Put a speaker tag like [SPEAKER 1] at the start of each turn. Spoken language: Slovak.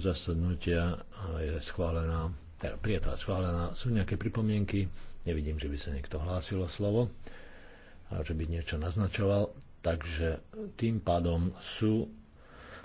[SPEAKER 1] zasadnutia je schválená, teda prijatá schválená. Sú nejaké pripomienky? Nevidím, že by sa niekto hlásil slovo a že by niečo naznačoval. Takže tým pádom sú